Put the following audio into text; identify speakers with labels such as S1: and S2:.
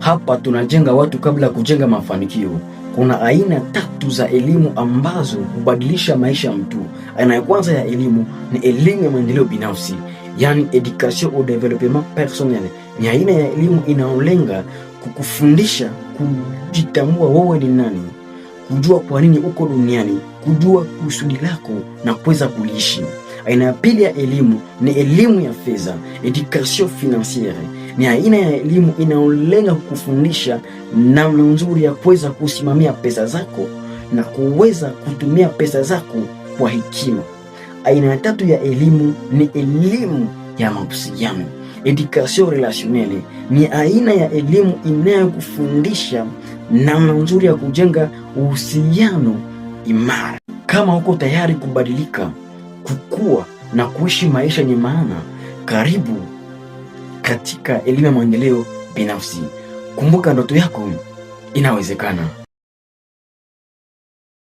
S1: Hapa tunajenga watu kabla ya kujenga mafanikio. Kuna aina tatu za elimu ambazo hubadilisha maisha ya mtu. Aina ya kwanza ya elimu ni elimu ya maendeleo binafsi, yani education au development personnel. Ni aina ya elimu inayolenga kukufundisha kujitambua wewe ni nani, kujua kwa nini uko duniani, kujua kusudi lako na kuweza kuliishi. Aina ya pili ya elimu ni elimu ya fedha, education financiere ni aina ya elimu inayolenga kukufundisha namna nzuri ya kuweza kusimamia pesa zako na kuweza kutumia pesa zako kwa hekima. Aina ya tatu ya elimu ni elimu ya mahusiano, education relationnelle. Ni aina ya elimu inayokufundisha namna nzuri ya kujenga uhusiano imara. Kama uko tayari kubadilika, kukua na kuishi maisha yenye maana, karibu katika elimu ya maendeleo binafsi. Kumbuka ndoto yako inawezekana.